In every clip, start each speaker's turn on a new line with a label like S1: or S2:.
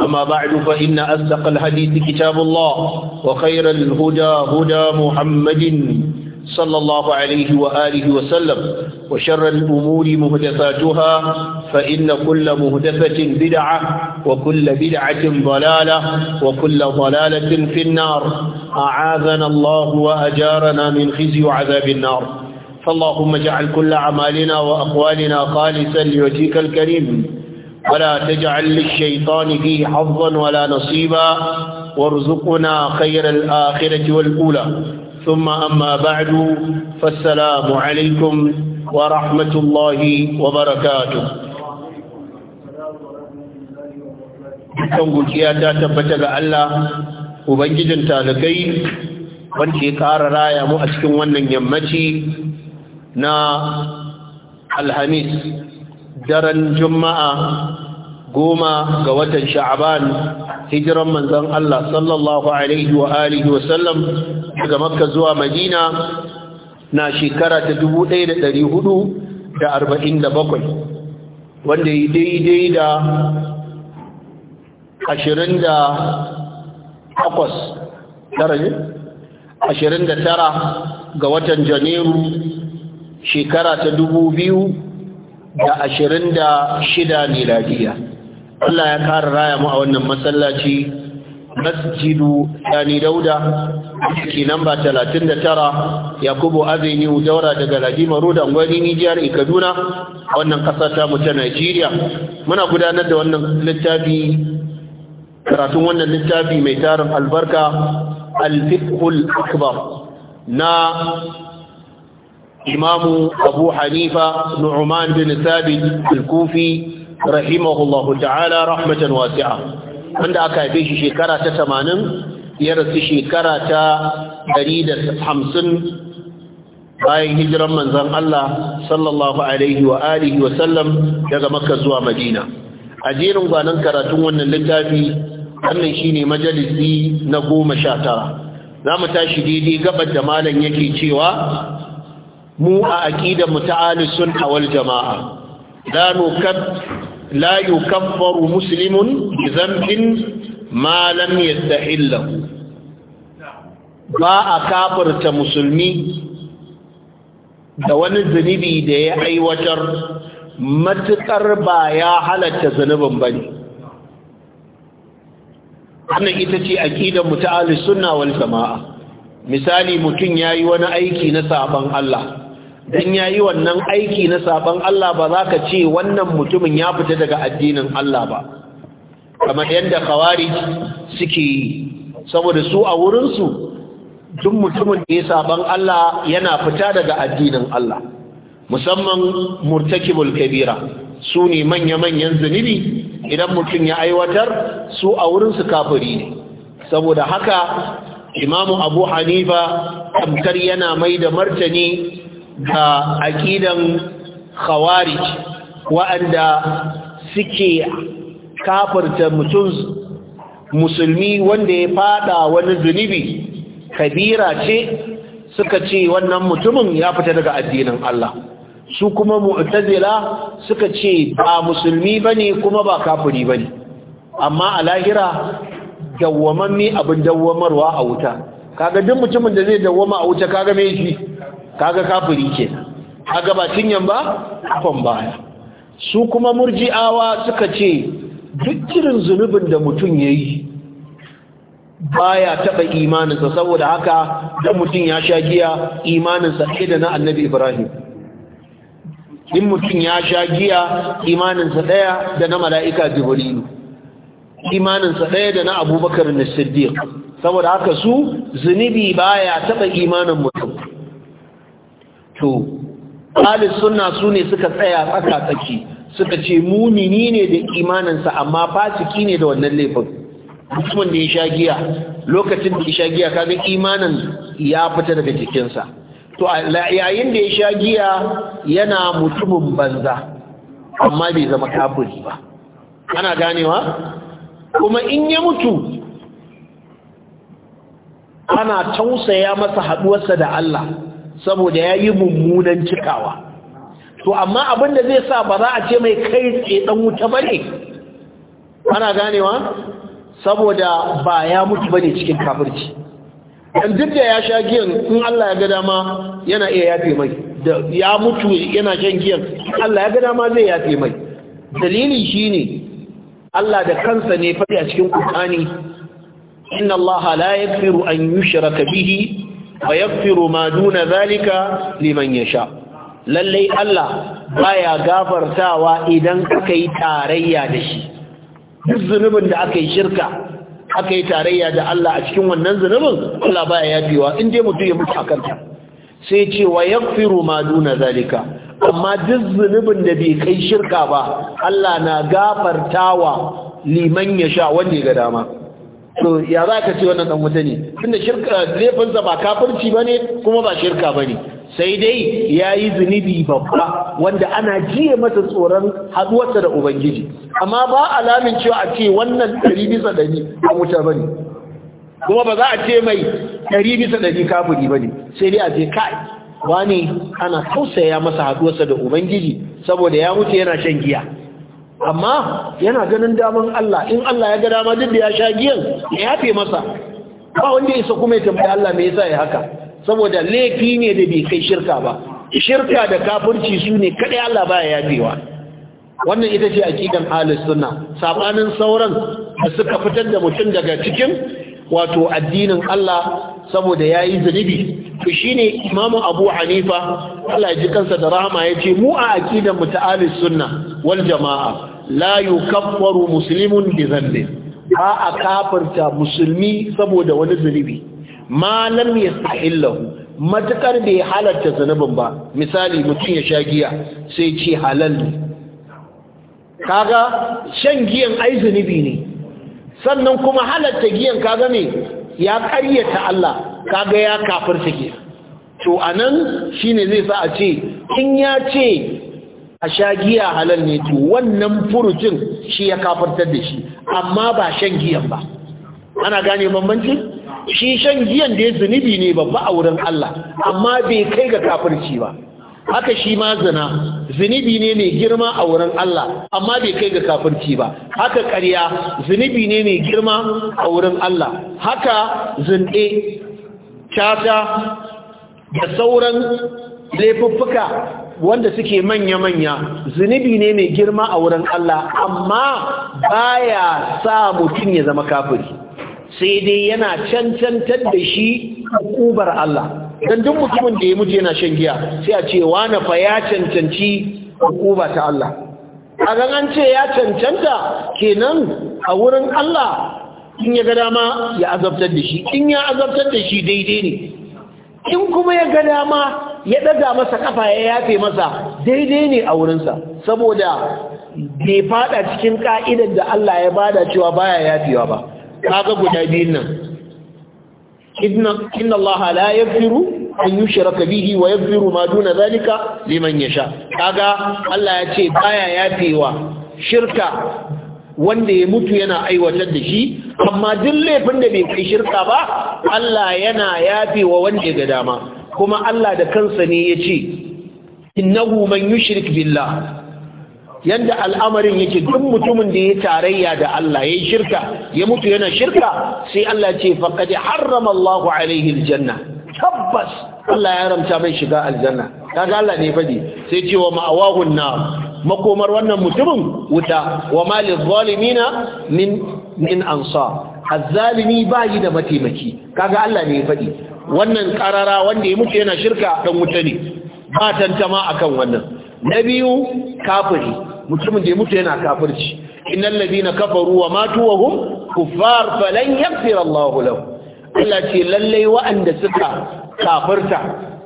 S1: أما بعد فإن أصدق الحديث كتاب الله وخير الهدى هدى محمد صلى الله عليه وآله وسلم وشر الأمور مهدفاتها فإن كل مهدفة بدعة وكل بدعة ضلالة وكل ضلالة في النار أعاذنا الله وأجارنا من خزي وعذاب النار فاللهم اجعل كل عمالنا وأقوالنا خالصا لوجهك الكريم ولا تجعل للشيطان فيه حظا ولا نصيبا وارزقنا خير الآخرة والأولى ثم أما بعد فالسلام عليكم ورحمة الله وبركاته kan gurkiya ta tabbata ga Allah ubangijin talakai wanda ya ƙara raya mu a cikin wannan yammaci na alhamis daren juma'a goma ga watan sha'aban hijiran manzan Allah sallallahu alaihi wa alihi wa sallam daga makka zuwa madina na shekara ta 1447 wanda yi daidai da 29 ga watan janairu shekara ta 2026 miladiya Allah ya kara raya mu a wannan masallaci masjidu Sani Dauda ke namba 39 Yakubu Avenue Daura daga Ladima Road Angwani Nijar Kaduna wannan kasa ta mu ta Najeriya muna gudanar da wannan littafi karatun wannan littafi mai tarin albarka al-fiqhul akbar na imamu Abu Hanifa Nu'man bin Thabit al-Kufi rahimahullahu ta'ala rahmatan wasi'a wanda aka haife shi shekara ta tamanin ya rasu shekara ta ɗari da hamsin bayan hijiran manzan Allah sallallahu alaihi wa alihi daga Makka zuwa Madina a jerin gwanan karatun wannan littafi wannan shine majalisi na goma sha tara za mu tashi daidai gabar da malam yake cewa mu a aƙidar mu ta sun awal jama'a la nukat la yukaffaru muslimun bi zambin ma lam yastahillahu ba a kafarta musulmi da wani zunubi da ya aiwatar matuƙar ba ya halatta zunubin ba ne wannan ita ce aƙidar mutu'ali suna wal jama'a misali mutum ya yi wani aiki na sabon Allah dan yi wannan aiki na saban Allah ba za ka ce wannan mutumin ya fita daga addinin Allah ba kamar yadda khawarij suke yi saboda su a wurinsu, su duk mutumin da ya saban Allah yana fita daga addinin Allah musamman murtakibul kabira su ne manya-manyan zunubi idan mutum ya aiwatar su a wurinsu kafiri ne saboda haka imamu abu hanifa amkar yana mai da martani Ga aƙidan khawarij wa'anda suke kafarta mutum musulmi wanda ya fada wani zunubi kabira ce suka ce wannan mutumin ya fita daga addinin Allah su kuma mu'tazila suka ce ba musulmi bane kuma ba kafiri bane amma a lahira dawwamanni abin dawwamarwa a wuta kaga duk mutumin da zai dawwama a wuta kaga me shi kaga kafiri kenan kaga ba cinyan ba kafan baya su kuma murji'awa suka ce duk irin zunubin da mutum yayi baya taba imaninsa saboda haka da mutum ya sha giya imaninsa sai da na annabi Ibrahim in mutum ya sha giya imaninsa daya da na mala'ika Jibrilu imaninsa daya da na Abubakar na Siddiq saboda haka su zunubi baya taba imanin mutum to ahli sunna sune suka tsaya tsaka tsaki suka ce mumini ne da imaninsa amma fasiki ne da wannan laifin mutumin da ya sha giya lokacin da ya sha giya kaga imanin ya fita daga jikinsa to yayin da ya sha giya yana mutumin banza amma bai zama kafiri ba ana ganewa kuma in ya mutu ana tausaya masa haduwarsa da Allah saboda ya yi mummunan cikawa to amma abin da zai sa ba za a ce mai kai tse dan wuta ba ne ana ganewa saboda ba ya mutu ba ne cikin kafirci ɗan duk da ya sha giyan in Allah ya ga dama yana iya yafe mai da ya mutu yana shan giyan Allah ya ga dama zai yafe mai dalili shi ne Allah da kansa ne faɗi a cikin ƙuƙani inna Allah la yaghfiru an yushraka bihi fa ma duna zalika liman yasha lallai Allah baya gafartawa idan aka yi tarayya da shi duk zunubin da aka yi shirka aka yi tarayya da Allah a cikin wannan zunubin Allah baya yafewa in dai mutum ya mutu akan ta sai ce wa yaghfiru ma duna zalika amma duk zunubin da bai kai shirka ba Allah na gafartawa liman yasha wanda ya ga dama to ya za ka ce wannan dan wuta ne tunda shirka laifinsa ba kafirci bane kuma ba shirka bane sai dai ya yi zunubi babba wanda ana jiye masa tsoron haduwarsa da ubangiji amma ba alamin cewa a ce wannan ɗari bisa ɗari a wuta bane kuma ba za a ce mai ɗari bisa ɗari kafiri bane sai dai a ce kai wani ana tausaya masa haduwarsa da ubangiji saboda ya wuce yana shan giya amma yana ganin daman Allah in Allah ya ga dama duk da ya sha giyan ya yafe masa ba wanda ya isa kuma ya tambaya Allah me yasa ya haka saboda laifi ne da bai kai shirka ba shirka da kafirci su ne kadai Allah baya yafewa wannan ita ce aqidan ahlus sunna sabanin sauran da suka fitar da mutum daga cikin wato addinin Allah saboda yayi zunubi to shine imamu Abu Hanifa Allah ya ji kansa da rahama yace mu a aqidan mu ta Ali sunna wal jama'a la yukaffaru muslimun bi dhanbi ba a kafarta musulmi saboda wani zunubi ma lam yastahillahu matakar bai halarta zunubin ba misali mutum ya sha giya sai ce halal ne kaga shan giyan ai zunubi ne sannan kuma halarta giyan kaga ne ya karyata Allah kaga ya kafirta giya to anan shine zai sa a ce in ya ce a sha giya halal ne to wannan furucin shi ya kafartar da shi amma ba shan giyan ba ana gane bambanci shi shan giyan da ya zunubi ne babba a wurin Allah amma bai kai ga kafirci ba haka shi ma zina zunubi ne mai girma a wurin Allah amma bai kai ga kafirci ba haka ƙarya zunubi ne mai girma a wurin Allah haka zunɗe shata, da sauran laifuffuka wanda suke manya-manya zunubi ne mai girma a wurin Allah amma baya sa mutum ya zama kafiri sai dai yana cancantar da shi hukubar Allah dan duk mutumin da ya mutu yana shan giya sai a ce wani fa ya cancanci kuba ta Allah a an ce ya cancanta kenan a wurin Allah in ya ga dama ya azabtar da shi in ya azabtar da shi daidai ne in kuma ya ga dama ya daga masa kafa ya yafe masa daidai ne a wurinsa saboda bai fada cikin ka'idar da Allah ya bada cewa baya yafewa ba kaga guda biyun nan inna Allah la yaghfiru an yushraka bihi wa yaghfiru ma duna zalika liman yasha kaga Allah ya ce baya yafewa shirka wanda ya mutu yana aiwatar da shi amma duk laifin da bai kai shirka ba Allah yana yafewa wanda ya ga dama kuma Allah da kansa ne ya ce innahu man yushrik billah yanda al'amarin yake duk mutumin da ya tarayya da Allah ya shirka ya mutu yana shirka sai Allah ce faqad harrama Allah alaihi aljanna tabbas Allah ya haramta mai shiga aljanna kaga Allah ne fadi sai ce wa ma'awahu na makomar wannan mutumin wuta wa malil zalimina min min ansar azzalimi ba yi da mataimaki kaga Allah ne ya fadi wannan karara wanda ya mutu yana shirka dan wuta ne ba tantama akan wannan na biyu kafiri mutumin da ya mutu yana kafirci innal na kafaru wa matu wa hum kuffar falan fira Allah lahum Allah ce lallai wa'anda suka kafirta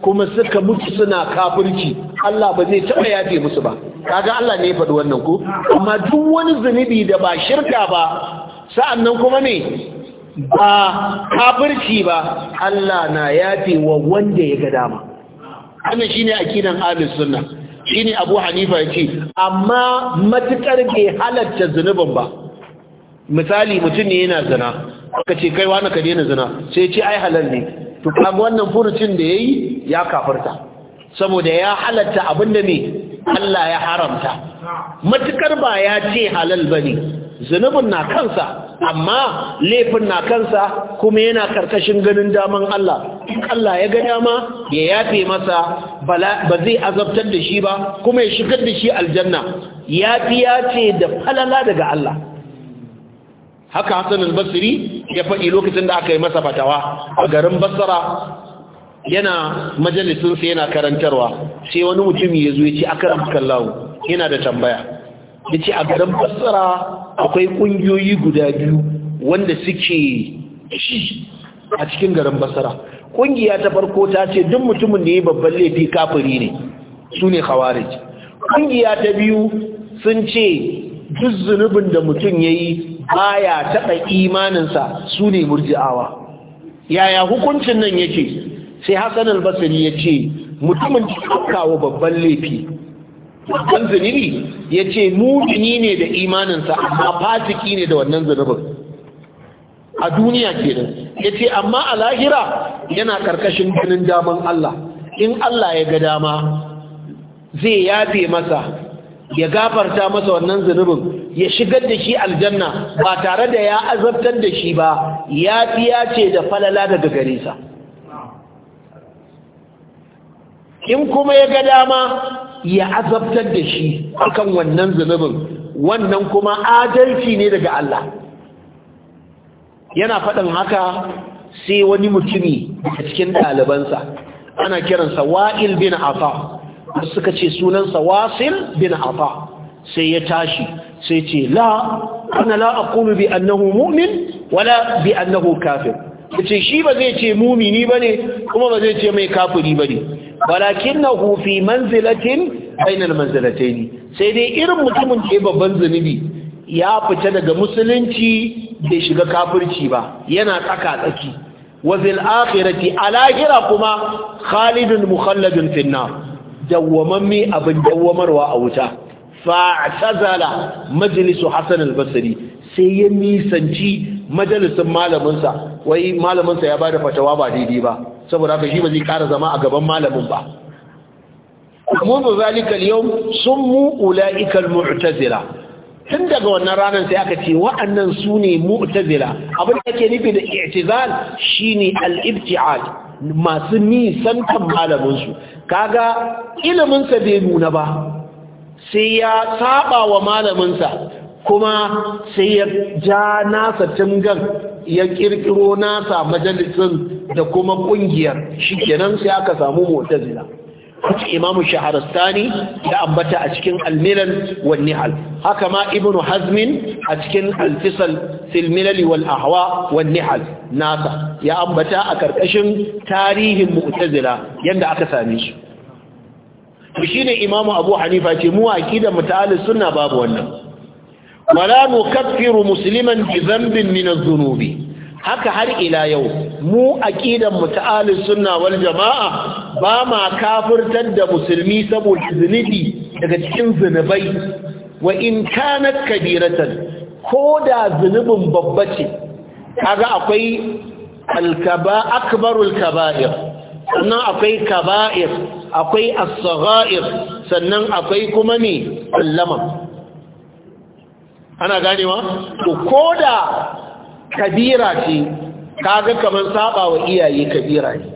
S1: kuma suka mutu suna kafirci Allah ba zai taba yafe musu ba kaga Allah ne ya faɗi wannan ku? amma duk wani zunubi da ba shirka ba sa'an nan kuma ne ba kafirci ba Allah na yafe wa wanda ya ga dama wannan shine akidan ahlus sunna shine Abu Hanifa yake amma matukar bai halatta zunubin ba misali mutum ne yana zina ka ce kai wani ka daina zina sai ce ai halal ne to kaga wannan furucin da yayi ya kafirta saboda ya halatta abinda ne Allah ya haramta matukar ba ya ce halal bane zunubin na kansa amma laifin na kansa kuma yana karkashin ganin daman Allah Allah ya ga dama ya yafe masa ba zai azabtar da shi ba kuma ya shigar da shi aljanna Yafi ce da falala daga Allah haka Hassan al-Basri ya faɗi lokacin da aka yi masa fatawa a garin basara, yana majalisinsa yana karantarwa sai wani mutum ya zo ya ce akaram kallahu yana da tambaya yace a garin basara. akwai ƙungiyoyi guda biyu wanda suke shi a cikin garin basara ƙungiya ta farko ta ce duk mutumin da ya babban laifi kafiri ne su ne khawarij ƙungiya ta biyu sun ce duk zunubin da mutum ya yi baya taɓa imaninsa su ne murji'awa yaya hukuncin nan yake sai hassan albasari ya ce mutumin da babban laifi wannan zunubi ya ce mumini ne da imaninsa amma fasiki ne da wannan zunubin a duniya kenan ya ce amma a lahira yana karkashin ganin daman Allah in Allah ya ga dama zai yafe masa ya gafarta masa wannan zunubin ya shigar da shi aljanna ba tare da ya azabtar da shi ba ya fiya ce da falala daga garisa. in kuma ya ga dama ya azabtar da shi akan wannan zunubin wannan kuma adalci ne daga Allah yana faɗin haka sai wani mutumi a cikin ɗalibansa ana kiransa wa'il bin afa suka ce sunansa wasil bin afa sai ya tashi sai ce la ana la bi annahu mu'min wala bi annahu kafir ce shi ba zai ce mumini bane kuma ba zai ce mai kafiri bane walakinahu fi manzilatin manzilatai ne sai dai irin mutumin da babban zunubi ya fita daga musulunci bai shiga kafirci ba yana tsaka tsaki wazil fil akhirati alahira kuma khalidun mukhalladun Finna, dawwamammi abin dawwamarwa a wuta fa'tazala majlisu hasan al-basri sai ya nisanci majalisin malaminsa wai malaminsa ya bada fatawa ba daidai ba saboda haka shi ba zai ƙara zama a gaban malamin ba mundu zalika yau sun summu ulaika al tun daga wannan ranar sai aka ce wa'annan su ne mu'tazila abin da ake nufi da i'tizal shine al-ibti'ad masu kan malaminsu kaga iliminsa bai nuna ba sai ya saba wa malaminsa kuma sai ya ja nasa tungan ya kirkiro nasa majalisun da kuma ƙungiyar shi sai aka samu mutazila wacce imamu shaharastani ya ambata a cikin almilal wal nihal haka ma ibnu hazmin a cikin alfisal fil milal wal ahwa wal nihal nasa ya ambata a karkashin tarihin mu'tazila yanda aka same shi to shine imamu abu hanifa ce mu aqida muta'allis sunna babu wannan wala nukaffiru musliman bi dhanbin min adh-dhunubi haka har ila yau mu aqidan mu ta sunna wal jamaa ba ma kafirtar da musulmi saboda zunubi daga cikin zunubai wa in kanat kabiratan koda zunubin babba ce
S2: kaga akwai
S1: alkaba akbarul kaba'ir sannan akwai kaba'ir akwai as-sagha'ir sannan akwai kuma ne allama ana ganewa to koda kabira ce kaga kamar saba wa iyaye kabira ne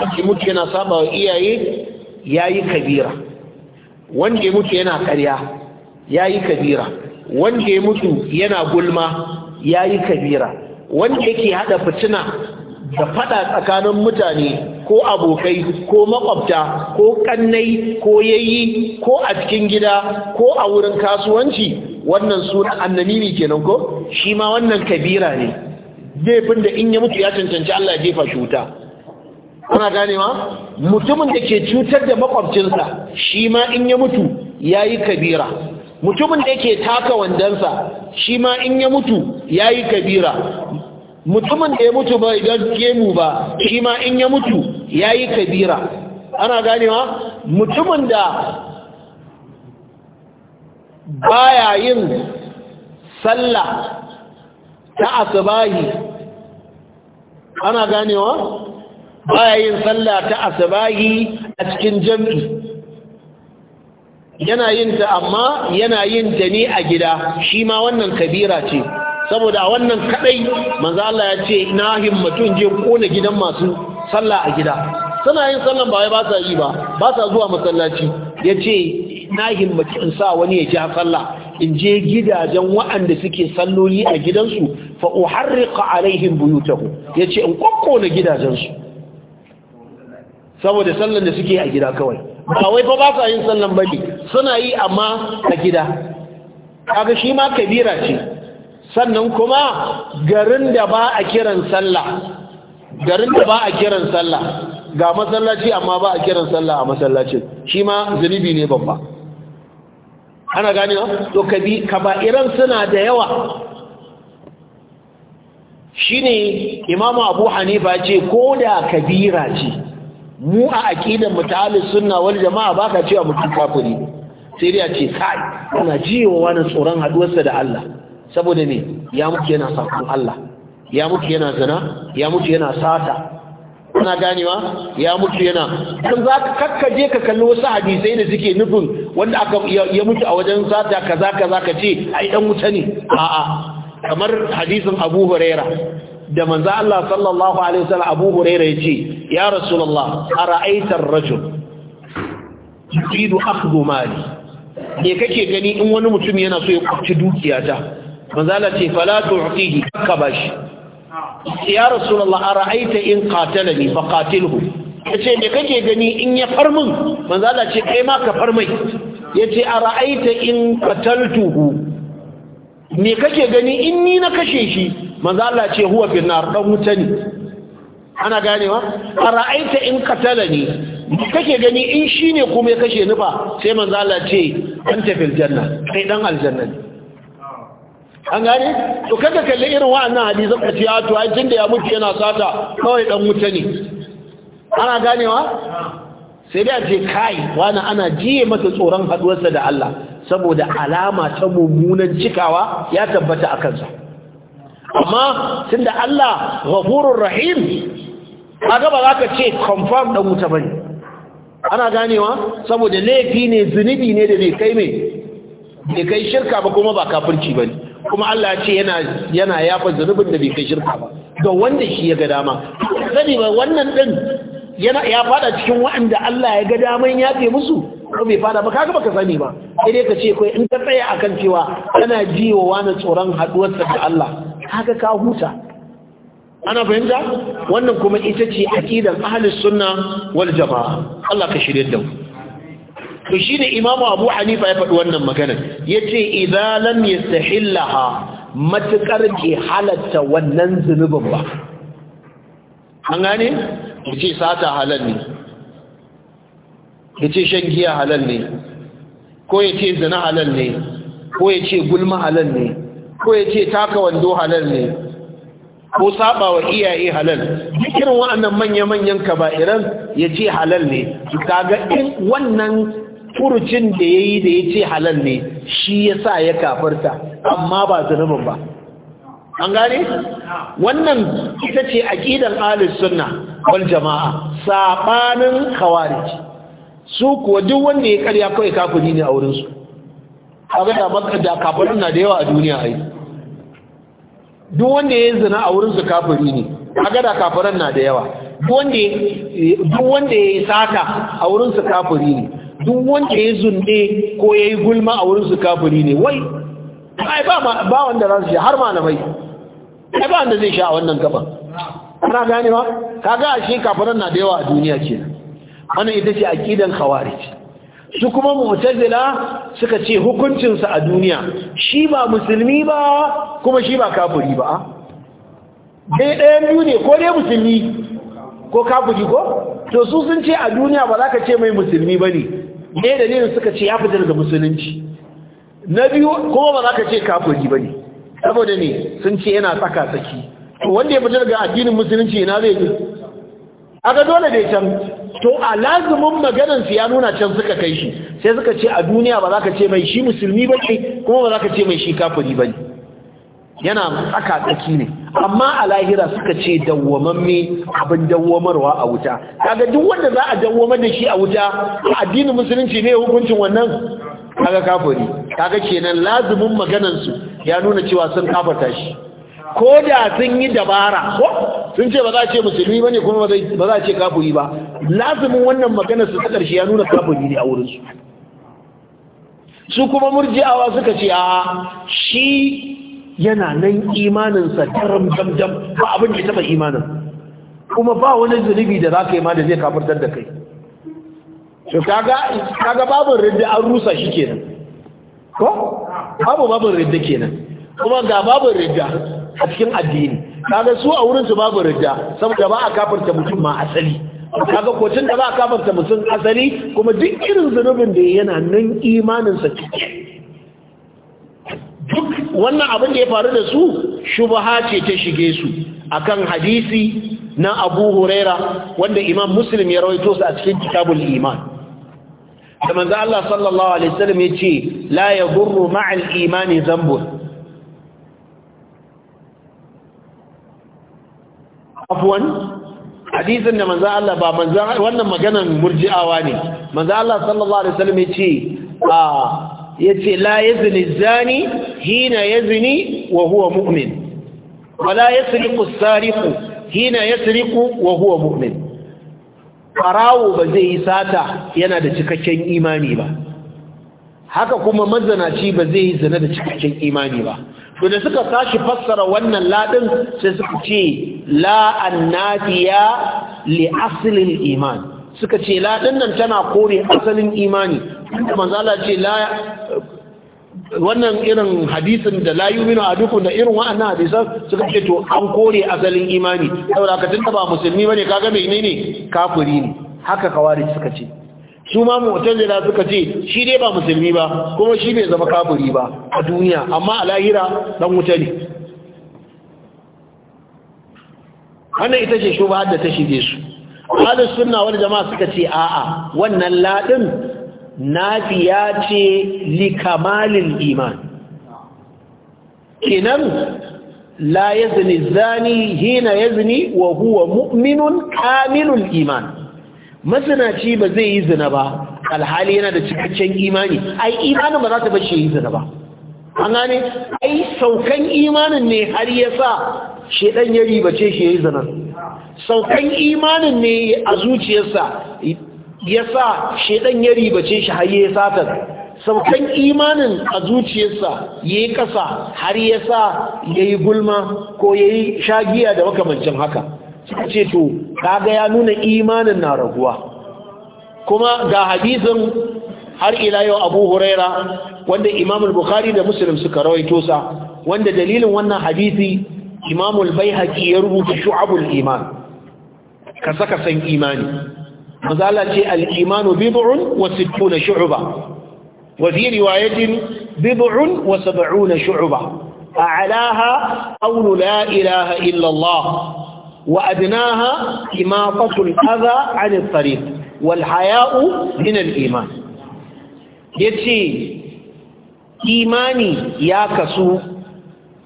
S1: wanda mutu yana saba wa iyaye yayi kabira wanda mutu yana karya yayi kabira wanda ya mutu yana gulma yayi kabira wanda yake hada fitina da fada tsakanin mutane ko abokai ko makwabta ko kannai ko yayi ko a cikin gida ko a wurin kasuwanci wannan suna annamimi kenan ko shi ma wannan kabira ne laifin da in ya mutu ya cancanci Allah ya jefa shi wuta ana ganewa mutumin da ke cutar da makwabcinsa shi ma in ya mutu ya yi kabira mutumin da ke taka wandansa shi ma in ya mutu ya yi kabira mutumin da ya mutu ba idan gemu ba shi ma in ya mutu ya yi kabira ana ganewa mutumin da baya yin sallah ta asibahi ana ganewa baya yin sallah ta asibahi a cikin jam'i yana yin ta amma yana yin ta ne a gida shi ma wannan kabira ce saboda wannan kadai manzo Allah ya ce na himmatun je kona gidan masu sallah a gida suna yin sallan ba wai ba sa yi ba ba sa zuwa masallaci yace na himmaci in sa wani ya ja sallah in je gidajen wa'anda suke salloli a gidansu fa uharriqa alaihim buyutahu yace in na gidajensu saboda sallan da suke a gida kawai ba wai fa ba sa yin sallan bane suna yi amma a gida kaga shi ma kabira ce sannan kuma garin da ba a kiran sallah garin da ba a kiran sallah ga masallaci amma ba a kiran sallah a masallacin shi ma zunubi ne babba ana gane to kabi kaba'iran suna da yawa shine imamu abu hanifa ce ko da kabira ce mu a aƙidan mutalis sunna wani jama'a baka cewa mutum kafiri sai dai a ce kai yana jiwa wani tsoron haduwarsa da Allah saboda ne ya muke yana sakon Allah ya muke yana zina ya muke yana sata kuna ganewa ya mutu yana don za ka kakkaje ka kalli wasu hadisai da suke nufin wanda aka ya mutu a wajen sata kaza kaza ka ce ai dan wuta ne a'a kamar hadisin Abu Huraira da manzo Allah sallallahu alaihi wasallam Abu Huraira yace ya Rasulullah ara'aita ar-rajul yuridu akhdhu mali me kake gani in wani mutum yana so ya kwaci dukiyata manzo Allah ce fala tu'tihi ka shi. ya rasulullah ara'aita in qatalani fa qatilhu yace me kake gani in ya far min manzo Allah ce kai ma ka far mai yace ara'aita in qataltuhu me kake gani in ni na kashe shi manzo Allah ce huwa bin nar dan wuta ne ana ganewa ara'aita in qatalani kake gani in shine kuma ya kashe ni ba sai manzo Allah ce anta fil janna kai dan aljanna ne an gane to kaga kalli irin wa'annan hadisi ka ce a ah, to ai tunda ya mutu yana sata kawai dan wuta ne ana ganewa sai dai a ce kai wani ana jiye masa tsoron haduwarsa da Allah saboda alama ta mummunan cikawa ya tabbata a kansa amma tunda Allah ghafurur rahim
S2: kaga ba za ka ce
S1: confirm dan wuta bane ana ganewa saboda laifi ne zunubi ne da bai kai mai bai kai shirka ba kuma ba kafirci bane kuma Allah ce yana yana yafa zunubin da bai kai shirka ba ga wanda shi ya ga dama sani ba wannan din yana ya fada cikin waɗanda Allah ya ga daman yafe musu ko bai fada ba kaga baka sani ba sai dai ka ce in ka tsaya akan cewa kana ji wa wani tsoron haduwar da Allah kaga ka huta ana fahimta wannan kuma ita ce aqidar ahlus sunna wal jamaa Allah ka shirye da mu to ne imamu abu hanifa ya faɗi wannan magana yace idza ya sahillaha matuƙar ke halatta wannan zunubin ba an gane Ya ce sata halal ne Ya ce shan giya halal ne ko ya ce zina halal ne ko ya ce gulma halal ne ko ya ce taka wando halal ne ko saba wa iyaye halal irin wa'annan manya-manyan kaba'iran ya ce halal ne ga in wannan furucin da ya yi da ya ce halal ne shi ya sa ya kafarta amma ba zunubin ba an gane? wannan ita ce aƙidan alis suna wal jama'a saɓanin kawarij su kuwa duk wanda ya karya kawai kafuni ne a wurinsu a gada maka da kafarin na da yawa a duniya a yi. duk wanda ya zina a wurinsu kafuni ne a gada da na da yawa duk wanda ya yi sata a wurinsu kafuni ne duk wanda ya zunde ko ya yi gulma a wurin su kafiri ne wai ai ba wanda za su har malamai ai ba wanda zai sha a wannan gaba ana gane ba kaga ashe kafiran na da yawa a duniya ce wannan ita ce aqidan khawarij su kuma mu'tazila suka ce hukuncinsa a duniya shi ba musulmi ba kuma shi ba kafiri ba dai ɗayan biyu ne ko dai musulmi ko kafiri ko to su sun ce a duniya ba za ka ce mai musulmi ba ne ne dalilin suka ce ya fi daga musulunci na biyu kuma ba za ka ce kafiri ba ne saboda ne sun ce yana tsaka tsaki wanda ya fitar daga addinin musulunci yana zai yi ga dole dai can to a lazumin maganar ya nuna can suka kai shi sai suka ce a duniya ba za ka ce mai shi musulmi ba ne kuma ba za ka ce mai shi kafiri ba ne yana tsaka tsaki ne amma a lahira suka ce dawwamamme abin dawwamarwa a wuta kaga duk wanda za a dawwamar da shi a wuta addinin musulunci ne hukuncin wannan kaga kafiri kaga kenan lazumin maganansu su ya nuna cewa sun kafarta shi ko da sun yi dabara ko sun ce ba za a ce musulmi ne kuma ba za a ce kafiri ba lazumin wannan maganar su ta karshe ya nuna kafiri ne a wurin su su kuma murji'awa suka ce a shi yana nan imaninsa karam damdam ba abin da taba imanin kuma ba wani zunubi da za ka yi ma da zai kafirtar da kai to kaga kaga babin ridda an rusa shi kenan ko babu babin ridda kenan kuma ga babin ridda a cikin addini kaga su a wurin su babin ridda saboda ba a kafirta mutum ma asali kaga kocin da ba a kafirta mutum asali kuma duk irin zunubin da yana nan imaninsa cikin duk wannan abin da ya faru da su shubha ce ta shige su akan hadisi na Abu Huraira wanda Imam Muslim ya rawaito su a cikin Kitabul Iman da manzo Allah sallallahu alaihi wasallam yace la yadurru ma'a al-imani dhanbun afwan hadisin da manzo Allah ba manzo wannan maganan murji'awa ne manzo Allah sallallahu alaihi wasallam yace a ah, yace la yazni zani hina yazni wa huwa mu'min wala yasriqu as-sariqu hina yasriqu wa huwa mu'min farawo ba zai yi sata yana da cikakken imani ba haka kuma mazanaci ba zai yi zina da cikakken imani ba to da suka tashi fassara wannan ladin sai suka ce la annadiya li iman suka ce ladin nan tana kore asalin imani inda manzala ce la wannan irin hadisin da la yuminu adukum da irin wa'annan hadisan suka ce to an kore asalin imani saboda ka tunda ba musulmi bane kaga menene kafiri ne haka kawari suka ce su ma mu'tazila suka ce shi dai ba musulmi ba kuma shi bai zama kafiri ba a duniya amma a lahira dan wuta ne wannan ita ce shubha da ta shige su ahlus sunna wal jama'a suka ce a'a wannan ladin nafiya ce likamalin iman kinan la yazni zani hina yazni wa huwa mu'minun kamilul iman masanaci ba zai yi zina ba alhali yana da cikakken imani ai imanin ba za ta bace yi zina ba an gane ai saukan imanin ne har ya sa shedan ya ribace shi yi zina saukan imanin ne a zuciyarsa ya sa shaidan ya ribace shi har ya satar saukan imanin a zuciyarsa ya yi ƙasa har ya sa ya yi gulma ko ya yi shagiya da makamancin haka suka ce to kaga ya nuna imanin na raguwa kuma ga hadisin har ila yau abu huraira wanda imamul bukhari da muslim suka rawaito sa wanda dalilin wannan hadisi imamul bai baihaqi ya rubuta shu'abul iman ka saka san imani maza Allah ce al’imanu bibu’un wa siffu na shu’uba wafi riwayatin bibu’un wa saba’u a alaha aunu la’ilaha illallah wa'adnaha adinaha ima fasul aza anin tsari wal haya’u dinar iman ya ce imani ya kasu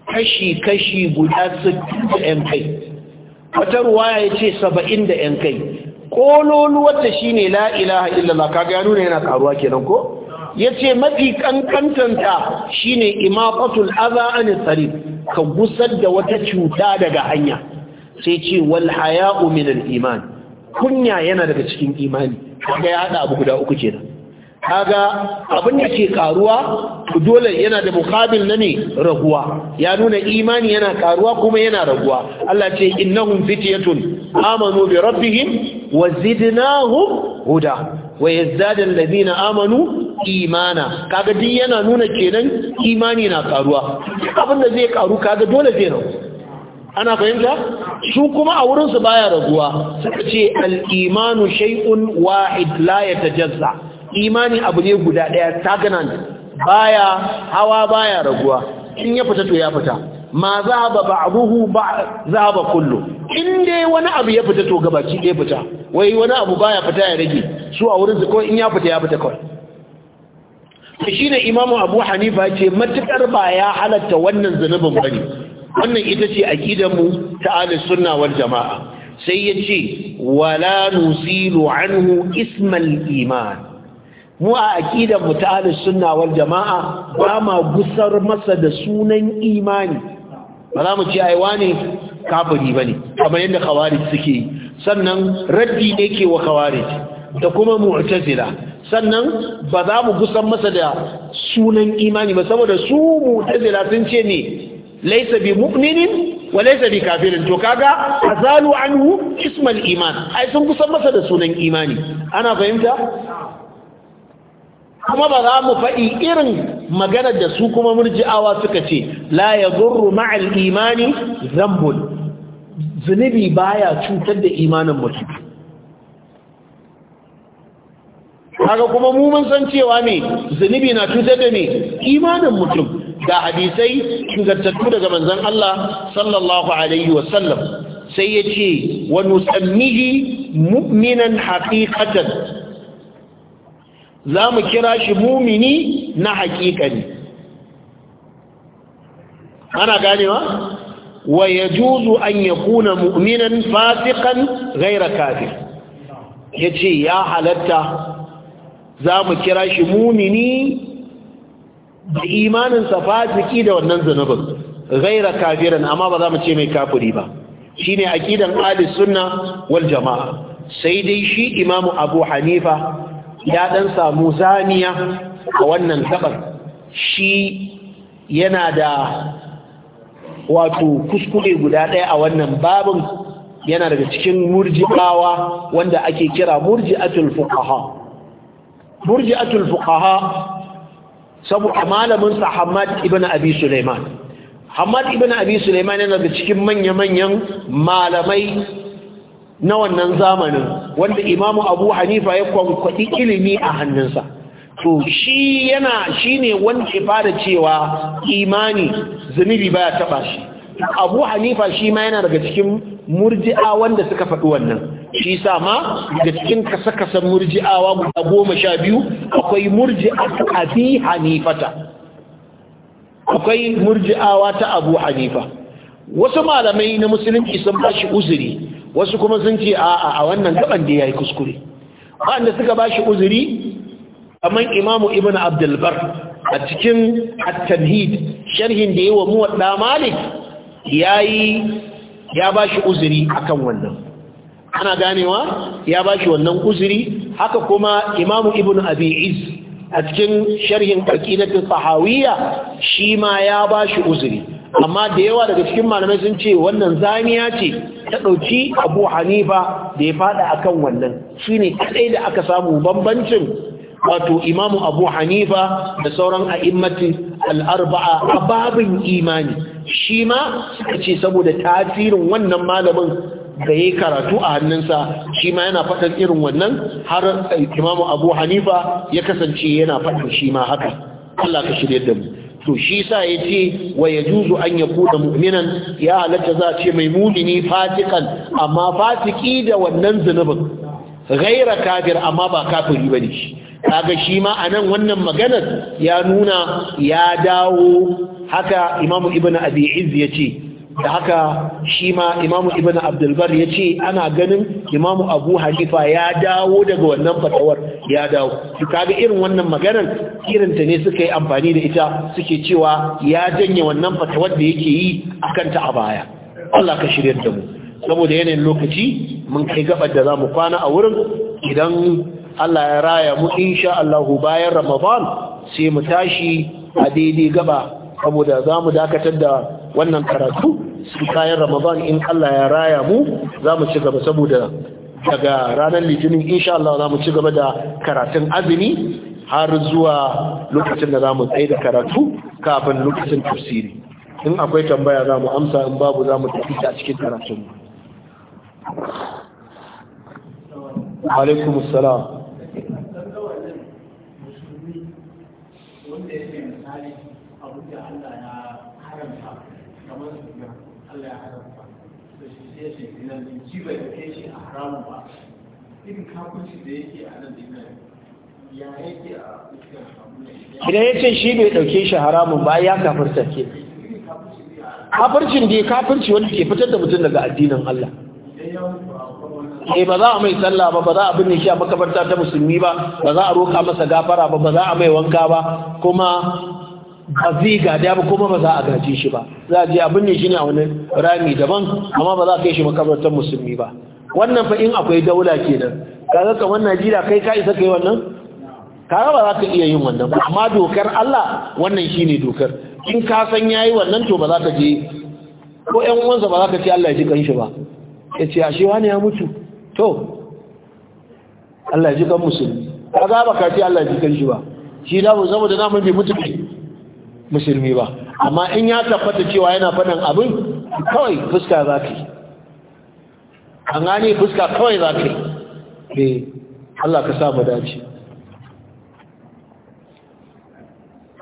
S1: kashi-kashi guda 60 da ‘yan kai wata ya ce 70 da ‘yan kai kololuwar shine la ilaha illallah kaga ya nuna yana karuwa kenan ko yace mafi kankantanta shine Imafatul adha an tsari ka gusar da wata cuta daga hanya sai ce wal haya'u min al iman kunya yana daga cikin imani kaga ya hada abu guda uku kenan kaga abin da ke karuwa dole yana da muqabil na ne raguwa ya nuna imani yana karuwa kuma yana raguwa Allah ce innahum fitiyatun amanu bi rabbihim wa zidnahum huda wa yazdadu alladhina amanu imana kaga duk yana nuna kenan imani na karuwa abin da zai karu kaga dole zai ragu ana fahimta su kuma a wurin su baya raguwa suka ce al-imanu shay'un wahid la yatajazza imani abu ne guda daya taganan baya hawa baya raguwa in ya fita to ya fita ma za ba ba'abuhu ba za ba kullu in dai wani abu ya fita to gabaci ɗaya fita wai wani abu baya fita ya rage su a wurin zikon in ya fita ya fita kawai shi ne imamu abu hanifa ce matuƙar ba ya halatta wannan zunubin bane wannan ita ce ƙidanmu ta alis suna wal jamaa sai ya ce wala nusilu anhu ismal iman mu a aƙidanmu ta ahlus sunna wal jamaa ba ma gusar masa da sunan imani ba za mu ce ai wane ba ne. kamar yadda kawarit suke yi sannan raddi ne ke wa kawarit, da kuma mu'tazila sannan ba za mu gusan masa da sunan imani ba saboda su mu'tazila sun ce ne laysa bi mu'minin wa laysa bi kafirin to kaga azalu anhu ismal iman ai sun gusan masa da sunan imani ana fahimta kuma ba za mu faɗi irin maganar da su kuma murji'awa suka ce la ya zurru ma'al imani zambul zunubi baya cutar da imanin mutum haka kuma mu mun san cewa ne zunubi na cutar da ne imanin mutum da hadisai ingantattu daga manzon Allah sallallahu alaihi wasallam sai yace wani nusammihi mu'minan haqiqatan za mu kira shi mumini na hakikani ana ganewa wa ya juzu an ya kuna mu'minan fasikan gaira kafir ya ce ya halatta za mu kira shi mumini da imaninsa fasiki da wannan zunubin gaira kafiran amma ba za mu ce mai kafuri ba shi ne aƙidan alis sunna wal jama'a sai dai shi imamu abu hanifa ya ɗan samu zaniya a wannan sabar shi yana da wato kuskure guda ɗaya a wannan babin yana daga cikin murji'awa wanda ake kira murji'atul fuqaha murji'atul fuqaha saboda malamin sa Hamad ibn Abi Sulaiman Hamad ibn Abi Sulaiman yana daga cikin manya-manyan malamai na wannan zamanin wanda imamu abu hanifa ya kwankwaɗi ilimi a hannunsa to shi yana shi ne wanda ya fara cewa imani zunubi baya taɓa shi abu hanifa shi ma yana daga cikin murji'a wanda suka faɗi wannan shi sa ma daga cikin kasa-kasan murji'awa guda goma sha biyu akwai murji'a ta abi hanifata akwai murji'awa ta abu hanifa wasu malamai na musulunci sun ba shi uzuri wasu kuma sun ce a a wannan gaban da yayi kuskure Waɗanda suka ba shi uzuri kamar imamu ibnu abdulbar a cikin at sharhin da yi wa muwadda malik yayi ya bashi uzuri akan wannan ana ganewa ya bashi wannan uzuri haka kuma imamu ibnu abi a cikin sharhin aqidatul tahawiyya shi ma ya bashi uzuri amma da yawa daga cikin malamai sun ce wannan Zaniya ce ta ɗauki abu hanifa da ya faɗa a kan wannan ne kaɗai da aka samu bambancin wato imamu abu hanifa da sauran a'immati al'arba'a a babin imani shi ma suka ce saboda tasirin wannan malamin da ya karatu a hannunsa shi ma yana faɗin irin wannan har imamu abu hanifa ya kasance yana faɗin shi ma haka Allah ka shirya da mu to shi sa ya ce wa ya juzu an ya kuɗa mu'minan ya halatta za a ce mai mumini fatikan amma fatiki da wannan zunubin gaira kafir amma ba kafiri ba ne shi kaga shi ma a nan wannan maganar ya nuna ya dawo haka imamu ibn abi izz ya ce da haka shi ma imamu ibn abdulbar ya ce ana ganin imamu abu hanifa ya dawo daga wannan fatawar ya dawo su kaga irin wannan maganar irinta ne suka yi amfani da ita suke cewa ya janye wannan fatawar da yake yi a kanta a baya Allah ka shirya da mu saboda yanayin lokaci mun kai gabar da za mu kwana a wurin idan Allah ya raya mu insha Allah bayan Ramadan sai mu tashi a daidai gaba saboda za mu dakatar da wannan karatu su kayan ramadan in Allah ya raya mu za mu ci gaba saboda daga ranar litinin insha Allah za mu ci gaba da karatun azumi har zuwa lokacin da za mu tsaye da karatu kafin lokacin tafsiri in akwai tambaya za mu amsa in babu za mu tafi a cikin karatun mu alaikumussalam idan ya ce shi bai ɗauke shi haramun ba ya kafirta ke kafircin da ya kafirci wanda ke fitar da mutum daga addinin Allah eh ba za a mai sallah ba ba za a binne shi a makabarta ta musulmi ba ba za a roka masa gafara ba ba za a mai wanka ba kuma ba zai gada ba kuma ba za a gaji shi ba za a je a binne shi ne a wani rami daban amma ba za a kai shi makabartar musulmi ba wannan fa in akwai daula kenan kaga kamar Najeriya kai ka isa kai wannan kaga ba za ka iya yin wannan ba amma dokar Allah wannan shine dokar in ka san yayi wannan to ba za ka je ko ƴan uwansa ba za ka ce Allah ya ji kanshi ba ya ce ashe wani ya mutu to Allah ya ji kan musulmi kaga ba ka ce Allah ya ji kanshi ba shi da mu saboda namun bai mutu musulmi ba amma in ya tabbata cewa yana fadan abin kawai fuska za ka yi an gane fuska kawai za ka yi eh, Allah ka sa mu dace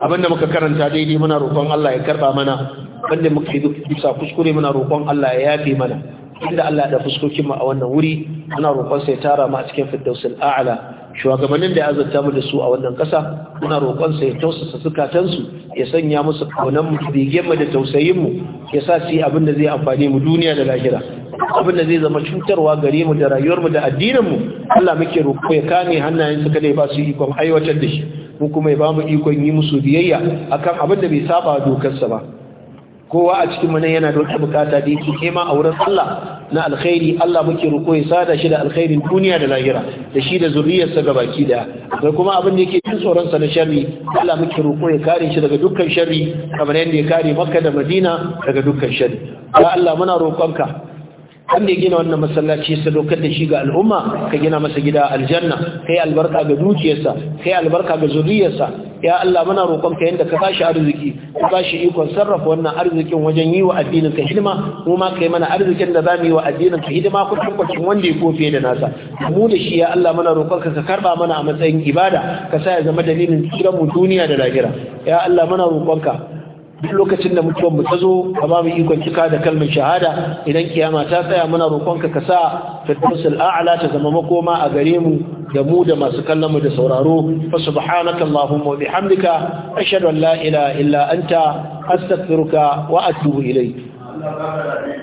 S1: abinda muka karanta daidai muna roƙon Allah ya karba mana wanda muka yi bisa kuskure muna roƙon Allah ya yafe mana inda Allah da fuskokin mu a wannan wuri muna roƙon sai tara mu a cikin firdausul a'la shugabannin da ya zata mu da su a wannan ƙasa muna sa ya tausasa zukatansu ya sanya musu kaunan mu begen mu da tausayin mu ya sa su abin da zai amfane mu duniya da lahira abin da zai zama cutarwa gare mu da rayuwar mu da addinin mu Allah muke roƙo ya kame hannayen su kada ya ba su ikon aiwatar da shi mu kuma ya ba mu ikon yi musu biyayya akan abin da bai saba dokarsa ba kowa a cikin nan yana da wata bukata da yake nema a wurin Allah na alkhairi Allah muke roƙo ya sada shi da alkhairin duniya da lahira da shi da zuriyarsa baki da da kuma abin da yake jin tsoron sa na sharri Allah muke roƙo ya kare shi daga dukkan sharri kamar yadda ya kare Makka da Madina daga dukkan sharri ya Allah muna roƙonka wanda ya gina wannan masallaci ya sadaukar da shi ga al'umma ka gina masa gida aljanna kai albarka ga dukiyarsa kai albarka ga zuriyarsa ya Allah muna roƙon ka yanda ka bashi arziki ka bashi ikon sarrafa wannan arzikin wajen yi wa addinin ka hidima mu ma kai mana arzikin da za mu yi wa addinin ka hidima ku tabbacin wanda ya kofe da nasa mu da shi ya Allah muna roƙon ka ka karba mana a matsayin ibada ka sa ya zama dalilin tsiran mu duniya da lahira ya Allah muna roƙon ka duk lokacin da mutuwar mu ta zo ka ba mu ikon cika da kalmar shahada idan kiyama ta tsaya muna roƙonka ka sa firdausul a'la ta zama makoma a gare mu da mu da masu kallon mu da sauraro fa subhanaka allahumma wa bihamdika ashhadu an la ilaha illa anta astaghfiruka wa atubu ilayk